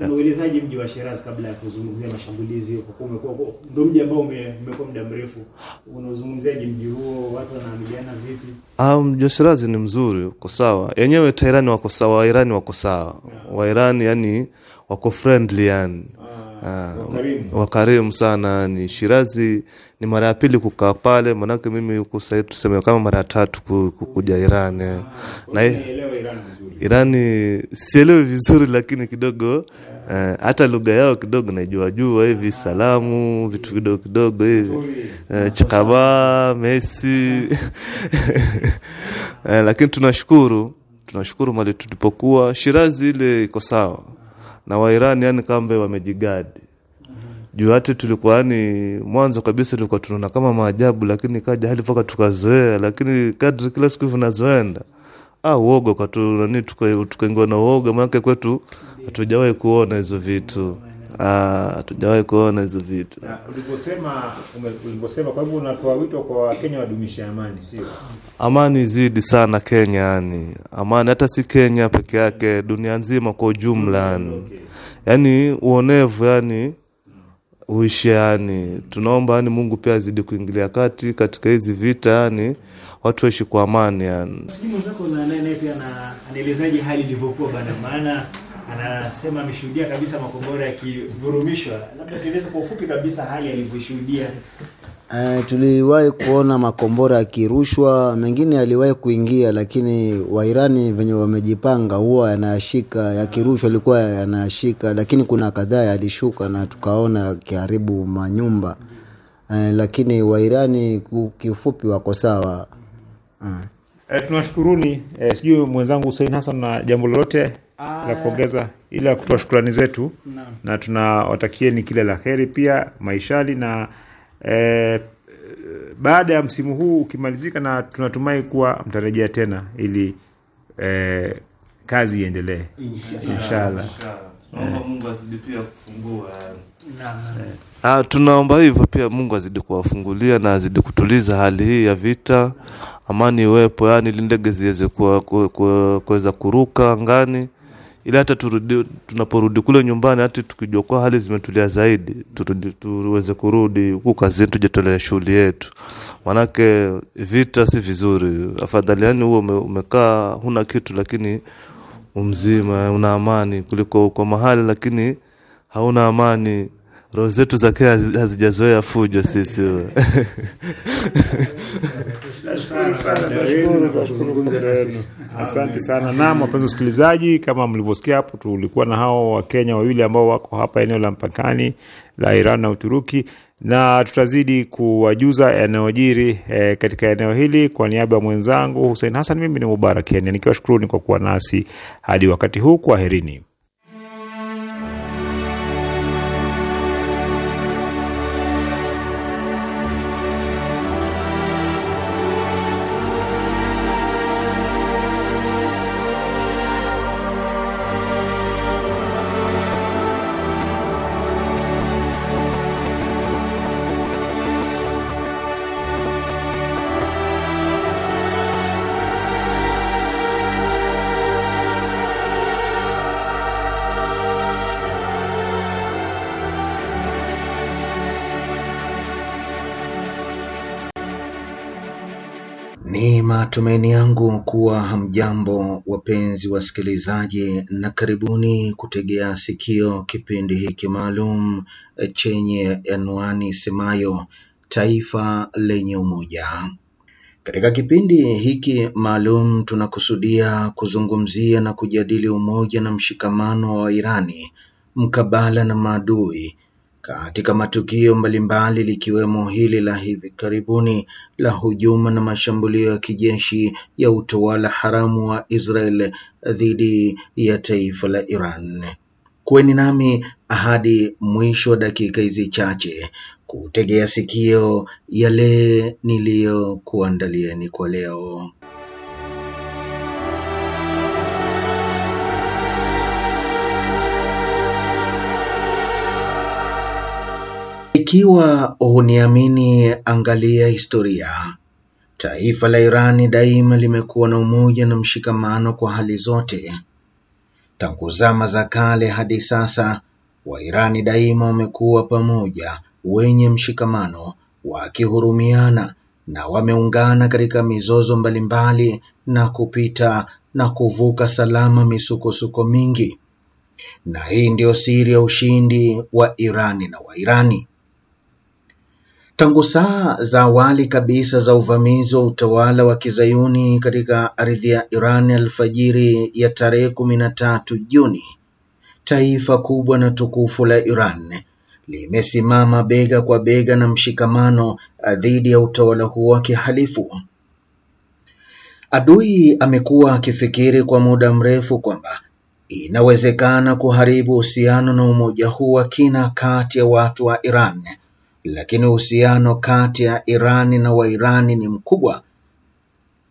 yeah. mji wa Shiraz kabla ya kuzungumzia mashambulizi, kwa umekuwa ndio mji ambao umekuwa muda mrefu, unazungumziaje mji huo, watu wanaamiliana vipi? Ah, mji wa Shiraz ni mzuri, uko sawa, yenyewe Tairani wako sawa, Wairani wako sawa, Wairani yani wako friendly yani ah uh, ah, wakarimu sana. Ni Shirazi, ni mara ya pili kukaa pale, manake mimi huko sahii tuseme kama mara ya tatu kukuja Iran eh. ah, na Irani sielewi vizuri, lakini kidogo eh, hata uh, lugha yao kidogo naijua jua eh, hivi, salamu vitu kidogo kidogo hivi uh, chikaba mesi uh, lakini tunashukuru tunashukuru mali tulipokuwa Shirazi ile iko sawa na Wairani yani kambe wamejigadi juu hati tulikuwa ni mwanzo kabisa tulikuwa tunaona kama maajabu, lakini kaja hali mpaka tukazoea, lakini kadri kila siku vinavyoenda ah, uoga katu nani, tukaingiwa na uoga, maanake kwetu hatujawahi kuona hizo vitu Ah, hatujawahi kuona hizo vitu. Ulivyosema, ulivyosema, kwa hivyo unatoa wito kwa Wakenya wadumishe amani, sio? Amani zidi sana Kenya, yani amani, hata si Kenya peke yake, dunia nzima kwa ujumla, yani okay. Yani uonevu yani uishe, yani tunaomba yani Mungu pia azidi kuingilia kati katika hizi vita, yani watu waishi kwa amani, yani. Sijui mwenzako na naye pia anaelezaje hali ilivyokuwa bana, maana anasema ameshuhudia kabisa makombora yakivurumishwa. Labda tueleze kwa ufupi kabisa hali alivyoshuhudia. Uh, eh, tuliwahi kuona makombora yakirushwa, mengine yaliwahi kuingia, lakini Wairani venye wamejipanga huwa yanashika, yakirushwa alikuwa yanashika, lakini kuna kadhaa yalishuka na tukaona yakiharibu manyumba uh, lakini Wairani kiufupi wako sawa uh. Uh, eh, tunashukuruni uh, sijui mwenzangu Hussein Hassan na jambo lolote la ah. kuongeza ila kutoa shukrani zetu na, na ni kila la heri pia maishali na e, baada ya msimu huu ukimalizika, na tunatumai kuwa mtarejea tena ili e, kazi iendelee inshallah. Eh. Ah, tunaomba hivyo pia, Mungu azidi kuwafungulia na azidi kutuliza hali hii ya vita, amani iwepo, yani ili ndege ziweze kuweza kuruka angani ili hata turudi, tunaporudi kule nyumbani, hati tukijua kuwa hali zimetulia zaidi, turudi, tuweze kurudi huku kazini, tujatolea shughuli yetu, manake vita si vizuri. Afadhali yani huo ume, umekaa huna kitu, lakini umzima una amani, kuliko kwa mahali lakini hauna amani roho zetu za kale hazijazoea fujo sisi. Asante sana. Naam, wapenzi wasikilizaji, kama mlivyosikia hapo, tulikuwa na hao Wakenya wawili ambao wako hapa eneo la mpakani la Iran na Uturuki, na tutazidi kuwajuza yanayojiri e, katika eneo hili. Kwa niaba ya mwenzangu Hussein Hassan, mimi ni Mubarak Kenya nikiwashukuruni kwa kuwa nasi hadi wakati huu. Kwaherini. Matumaini yangu kuwa hamjambo wapenzi wasikilizaji, na karibuni kutegea sikio kipindi hiki maalum e, chenye anwani semayo taifa lenye umoja. Katika kipindi hiki maalum tunakusudia kuzungumzia na kujadili umoja na mshikamano wa Irani mkabala na maadui katika matukio mbalimbali likiwemo hili la hivi karibuni la hujuma na mashambulio ya kijeshi ya utawala haramu wa Israel dhidi ya taifa la Iran. kweni nami hadi mwisho wa dakika hizi chache kutegea sikio yale niliyokuandalieni kwa leo. Ikiwa huniamini, angalia historia. Taifa la Irani daima limekuwa na umoja na mshikamano kwa hali zote. Tangu zama za kale hadi sasa, Wairani daima wamekuwa pamoja, wenye mshikamano, wakihurumiana na wameungana katika mizozo mbalimbali na kupita na kuvuka salama misukosuko mingi. Na hii ndio siri ya ushindi wa Irani na Wairani. Tangu saa za awali kabisa za uvamizi wa utawala wa kizayuni katika ardhi ya Iran alfajiri ya tarehe kumi na tatu Juni, taifa kubwa na tukufu la Iran limesimama bega kwa bega na mshikamano dhidi ya utawala huo wa kihalifu. Adui amekuwa akifikiri kwa muda mrefu kwamba inawezekana kuharibu uhusiano na umoja huu wa kina kati ya watu wa Iran lakini uhusiano kati ya Irani na Wairani ni mkubwa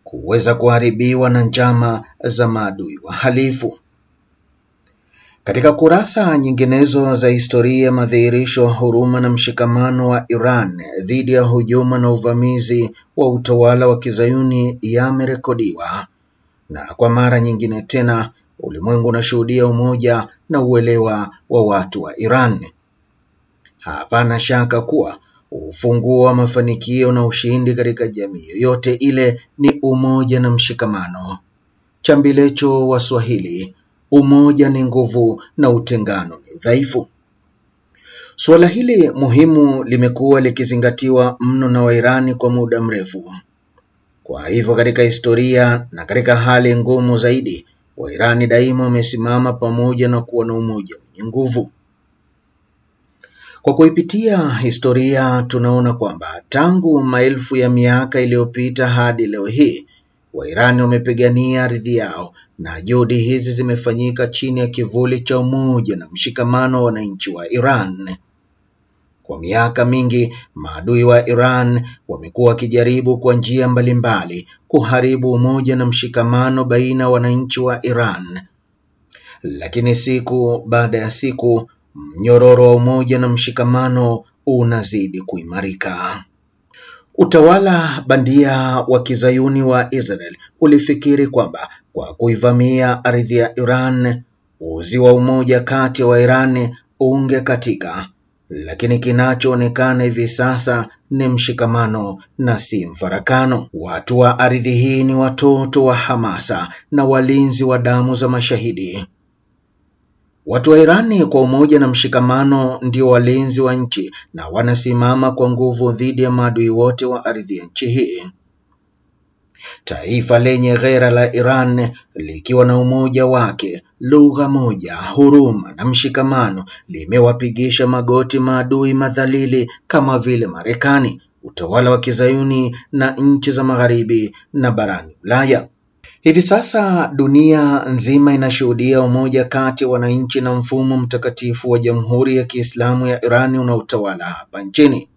kuweza kuharibiwa na njama za maadui wahalifu. Katika kurasa nyinginezo za historia, madhihirisho ya huruma na mshikamano wa Iran dhidi ya hujuma na uvamizi wa utawala wa kizayuni yamerekodiwa, na kwa mara nyingine tena ulimwengu unashuhudia umoja na uelewa wa watu wa Iran. Hapana shaka kuwa ufunguo wa mafanikio na ushindi katika jamii yoyote ile ni umoja na mshikamano. Chambilecho wa Swahili, umoja ni nguvu na utengano ni udhaifu. Suala hili muhimu limekuwa likizingatiwa mno na Wairani kwa muda mrefu. Kwa hivyo, katika historia na katika hali ngumu zaidi, Wairani daima wamesimama pamoja na kuwa na umoja wenye nguvu. Kwa kuipitia historia tunaona kwamba tangu maelfu ya miaka iliyopita hadi leo hii Wairani wamepigania ardhi yao na juhudi hizi zimefanyika chini ya kivuli cha umoja na mshikamano wa wananchi wa Iran. Kwa miaka mingi maadui wa Iran wamekuwa wakijaribu kwa njia mbalimbali kuharibu umoja na mshikamano baina ya wananchi wa Iran, lakini siku baada ya siku mnyororo wa umoja na mshikamano unazidi kuimarika. Utawala bandia wa kizayuni wa Israel ulifikiri kwamba kwa kuivamia ardhi ya Iran uzi wa umoja kati wa Iran ungekatika, lakini kinachoonekana hivi sasa ni mshikamano na si mfarakano. Watu wa ardhi hii ni watoto wa hamasa na walinzi wa damu za mashahidi. Watu wa Irani kwa umoja na mshikamano ndio walinzi wa nchi na wanasimama kwa nguvu dhidi ya maadui wote wa ardhi ya nchi hii. Taifa lenye ghera la Iran likiwa na umoja wake, lugha moja, huruma na mshikamano, limewapigisha magoti maadui madhalili kama vile Marekani, utawala wa Kizayuni na nchi za Magharibi na barani Ulaya. Hivi sasa dunia nzima inashuhudia umoja kati ya wananchi na mfumo mtakatifu wa Jamhuri ya Kiislamu ya Iran unaotawala hapa nchini,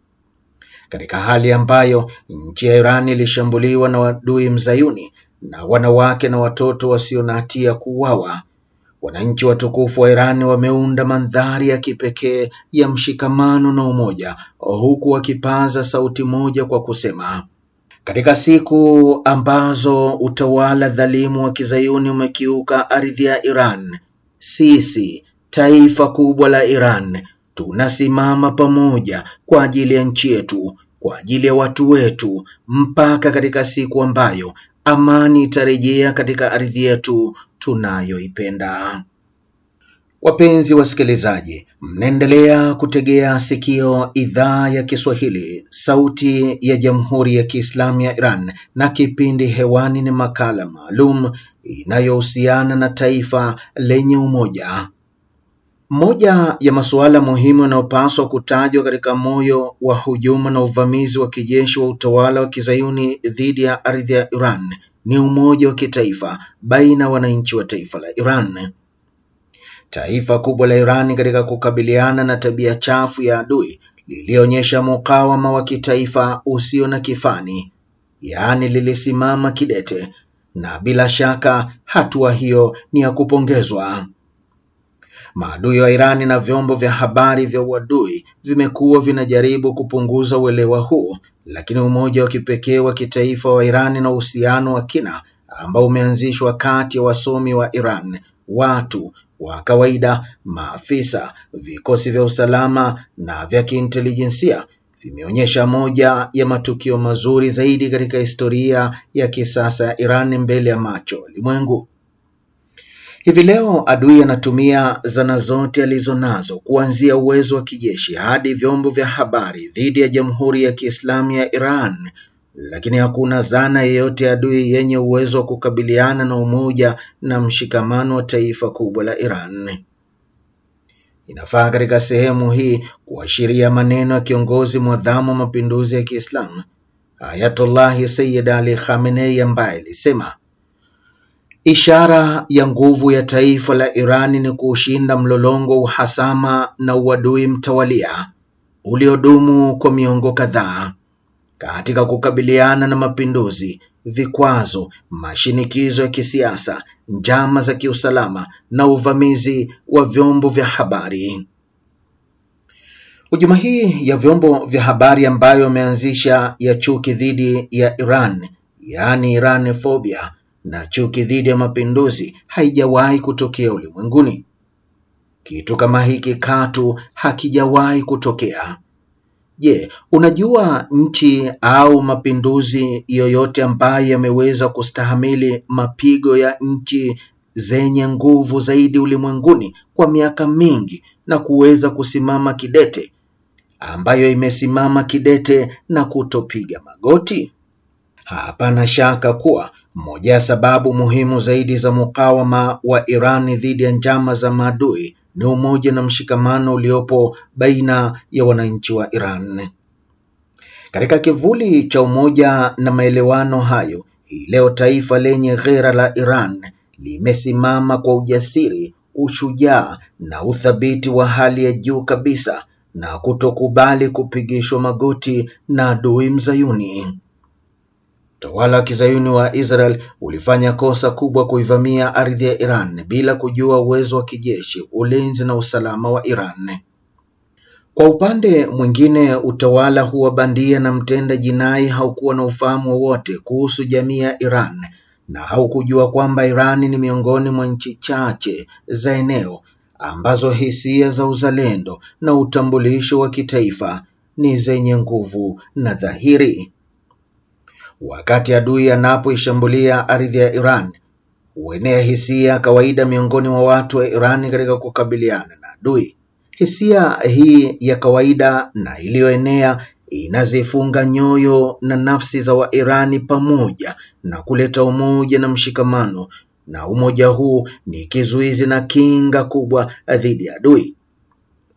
katika hali ambayo nchi ya Iran ilishambuliwa na adui mzayuni na wanawake na watoto wasio na hatia kuuawa. Wananchi watukufu wa Iran wameunda mandhari ya kipekee ya mshikamano na umoja, huku wakipaza sauti moja kwa kusema katika siku ambazo utawala dhalimu wa kizayuni umekiuka ardhi ya Iran, sisi taifa kubwa la Iran tunasimama pamoja kwa ajili ya nchi yetu, kwa ajili ya watu wetu, mpaka katika siku ambayo amani itarejea katika ardhi yetu tunayoipenda. Wapenzi wasikilizaji, mnaendelea kutegea sikio idhaa ya Kiswahili, sauti ya jamhuri ya kiislamu ya Iran, na kipindi hewani ni makala maalum inayohusiana na taifa lenye umoja. Moja ya masuala muhimu yanayopaswa kutajwa katika moyo wa hujuma na uvamizi wa kijeshi wa utawala wa kizayuni dhidi ya ardhi ya Iran ni umoja wa kitaifa baina ya wananchi wa taifa la Iran. Taifa kubwa la Irani katika kukabiliana na tabia chafu ya adui lilionyesha mukawama wa kitaifa usio na kifani, yaani lilisimama kidete, na bila shaka hatua hiyo ni ya kupongezwa. Maadui wa Irani na vyombo vya habari vya uadui vimekuwa vinajaribu kupunguza uelewa huu, lakini umoja wa kipekee wa kitaifa wa Irani na uhusiano wa kina ambao umeanzishwa kati ya wasomi wa Iran, watu wa kawaida, maafisa, vikosi vya usalama na vya kiintelijensia vimeonyesha moja ya matukio mazuri zaidi katika historia ya kisasa ya Iran mbele ya macho ulimwengu. Hivi leo adui anatumia zana zote alizo nazo kuanzia uwezo wa kijeshi hadi vyombo vya habari dhidi ya Jamhuri ya Kiislamu ya Iran lakini hakuna zana yeyote adui yenye uwezo wa kukabiliana na umoja na mshikamano wa taifa kubwa la Iran. Inafaa katika sehemu hii kuashiria maneno ya kiongozi mwadhamu wa mapinduzi ya Kiislamu Ayatullahi Sayyid Ali Khamenei ambaye alisema Ishara ya nguvu ya taifa la iran ni kuushinda mlolongo uhasama na uadui mtawalia uliodumu kwa miongo kadhaa katika kukabiliana na mapinduzi, vikwazo, mashinikizo ya kisiasa, njama za kiusalama na uvamizi wa vyombo vya habari. Hujuma hii ya vyombo vya habari ambayo ameanzisha ya chuki dhidi ya Iran, yaani Iran phobia na chuki dhidi ya mapinduzi haijawahi kutokea ulimwenguni. Kitu kama hiki katu hakijawahi kutokea. Je, yeah, unajua nchi au mapinduzi yoyote ambayo yameweza kustahamili mapigo ya nchi zenye nguvu zaidi ulimwenguni kwa miaka mingi na kuweza kusimama kidete, ambayo imesimama kidete na kutopiga magoti? Hapana shaka kuwa moja ya sababu muhimu zaidi za mukawama wa irani dhidi ya njama za maadui na umoja na mshikamano uliopo baina ya wananchi wa Iran. Katika kivuli cha umoja na maelewano hayo, hii leo taifa lenye ghera la Iran limesimama kwa ujasiri, ushujaa na uthabiti wa hali ya juu kabisa na kutokubali kupigishwa magoti na adui mzayuni. Utawala wa kizayuni wa Israel ulifanya kosa kubwa kuivamia ardhi ya Iran bila kujua uwezo wa kijeshi, ulinzi na usalama wa Iran. Kwa upande mwingine, utawala huwa bandia na mtenda jinai haukuwa na ufahamu wowote kuhusu jamii ya Iran na haukujua kwamba Iran ni miongoni mwa nchi chache za eneo ambazo hisia za uzalendo na utambulisho wa kitaifa ni zenye nguvu na dhahiri. Wakati adui anapoishambulia ardhi ya Iran, huenea hisia kawaida miongoni mwa watu wa Iran katika kukabiliana na adui. Hisia hii ya kawaida na iliyoenea inazifunga nyoyo na nafsi za Wairani pamoja na kuleta umoja na mshikamano, na umoja huu ni kizuizi na kinga kubwa dhidi ya adui.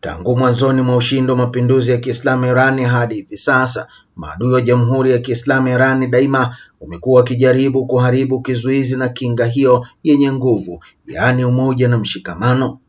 Tangu mwanzoni mwa ushindi wa mapinduzi ya Kiislamu Irani hadi hivi sasa, maadui wa Jamhuri ya Kiislamu Irani daima umekuwa wakijaribu kuharibu kizuizi na kinga hiyo yenye nguvu, yaani umoja na mshikamano.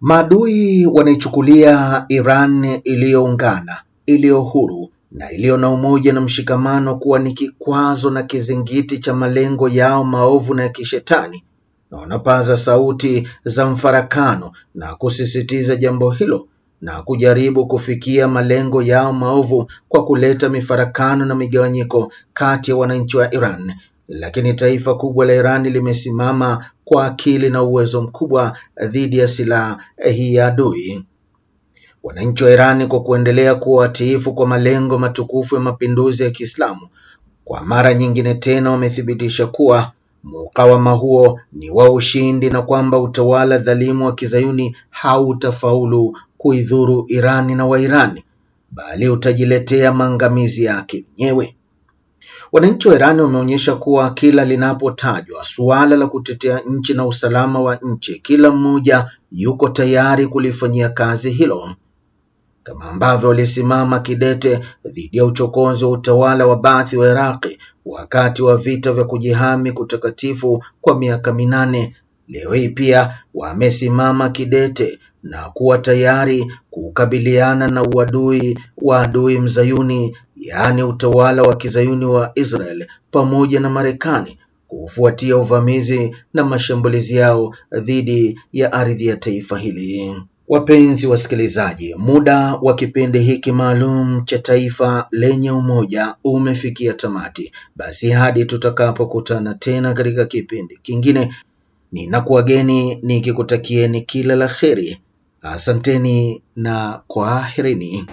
Maadui wanaichukulia Iran iliyoungana, iliyo huru na iliyo na umoja na mshikamano kuwa ni kikwazo na kizingiti cha malengo yao maovu na ya kishetani na wanapaza sauti za mfarakano na kusisitiza jambo hilo na kujaribu kufikia malengo yao maovu kwa kuleta mifarakano na migawanyiko kati ya wananchi wa Iran. Lakini taifa kubwa la Iran limesimama kwa akili na uwezo mkubwa dhidi ya silaha hii ya adui. Wananchi wa Iran, kwa kuendelea kuwa watiifu kwa malengo matukufu ya mapinduzi ya Kiislamu, kwa mara nyingine tena wamethibitisha kuwa mukawama huo ni wa ushindi na kwamba utawala dhalimu wa Kizayuni hautafaulu kuidhuru Irani na Wairani bali utajiletea maangamizi yake wenyewe. Wananchi wa Irani wameonyesha kuwa kila linapotajwa suala la kutetea nchi na usalama wa nchi, kila mmoja yuko tayari kulifanyia kazi hilo, kama ambavyo walisimama kidete dhidi ya uchokozi wa utawala wa Baath wa Iraqi wakati wa vita vya kujihami kutakatifu kwa miaka minane. Leo hii pia wamesimama kidete na kuwa tayari kukabiliana na uadui wa adui mzayuni, yaani utawala wa kizayuni wa Israel pamoja na Marekani kufuatia uvamizi na mashambulizi yao dhidi ya ardhi ya taifa hili. Wapenzi wasikilizaji, muda wa kipindi hiki maalum cha Taifa lenye Umoja umefikia tamati. Basi hadi tutakapokutana tena katika kipindi kingine, ninakuwageni nikikutakieni kila la heri. Asanteni na kwaherini.